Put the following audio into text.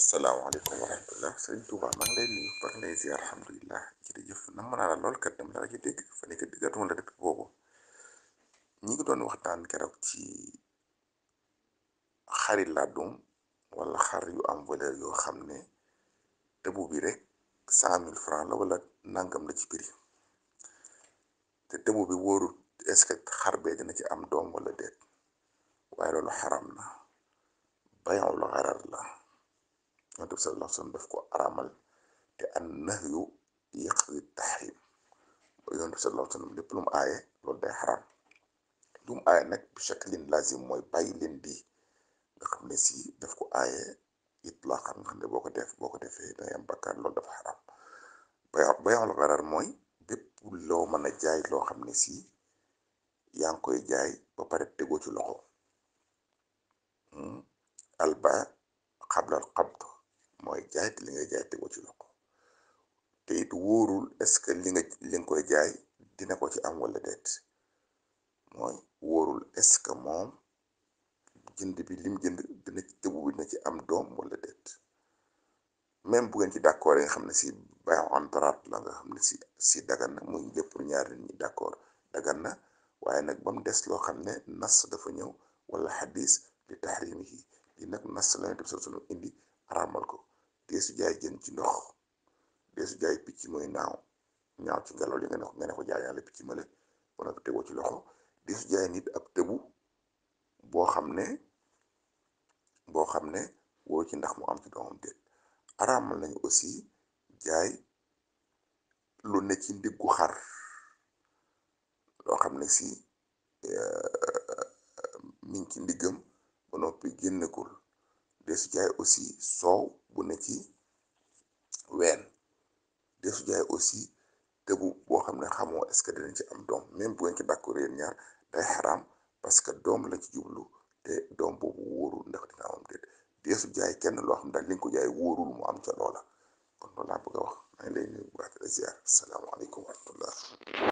asalaamaaleykum wa rahmatulah sëriñ Touba lay nuyu alhamdulilah na mën naa la lool kat dama la rajo dégg fan yii kat diggatuma la depuis boobu ñi ngi doon waxtaan keroog ci xari laadum wala xar yu am valeur yoo xam ne tëbu bi rek cent mille franc la wala nangam la ci prix te tëbu bi wóorul est xar bee dina ci am doom wala déet waaye loolu xaram na bayanul xarar la. yonent bi sallallahu alayhi wa sallam daf ko araamal te an yoon yaqdi tahrim yonent bi sallallahu alayhi wa lépp lu mu aaye lool day xaraam lu mu aaye nag bi shaklin lazim mooy bàyyi leen bii nga xam ne si def ko aaye itlaaxan nga xam ne boo ko def boo ko defee day am bakkaar loolu dafa xaraam bay bayoxla xaraar mooy bépp loo mën a jaay loo xam ne si yaa ngi koy jaay ba pare tegoo ci loxo hmm? alba jaay te li nga jaay tegoo ci loxo te it wóorul est ce que li nga li koy jaay dina ko ci am wala déet mooy wóorul est ce que moom jënd bi lim jënd dina ci tëbu ci am doom walla déet même bu ngeen ci d' yi nga xam ne si bàyyi en traite la nga xam ne si si dagan na muy lépp ñaari nit ñi d' accord na waaye nag ba mu des loo xam ne nas dafa ñëw wala xadis li taxrimi yi li nag nas la yonent bi indi araamal ko. su jaay jën ci ndox deesu jaay picc mooy naaw ñaaw ci ngelaw yi nga ne ko nga ne ko jaay yàlla picc male ba noppi tegoo ci loxo deesu jaay nit ab tëbu boo xam ne boo xam ne woo ci ndax mu am ci doomam déet araamal aussi jaay lu ne ci ndiggu xar loo xam ne si euh, mi ci ndiggam ba noppi génnekul deesu jaay aussi soow bu ne ci ween dee su jaay aussi dëggu boo xam ne xamoo est-ce que dinañ ci am doom même bu ngeen ci d'accord yéen ñaar day xaraam parce que doom la ci jublu te doom boobu wóorul ndax dina am déet dee su kenn loo xam daal li nga ko jaay wóorul mu am ca loola kon loolu laa bëgg wax maa lay nuyu bu baax di la ziar salaamaaleykum wa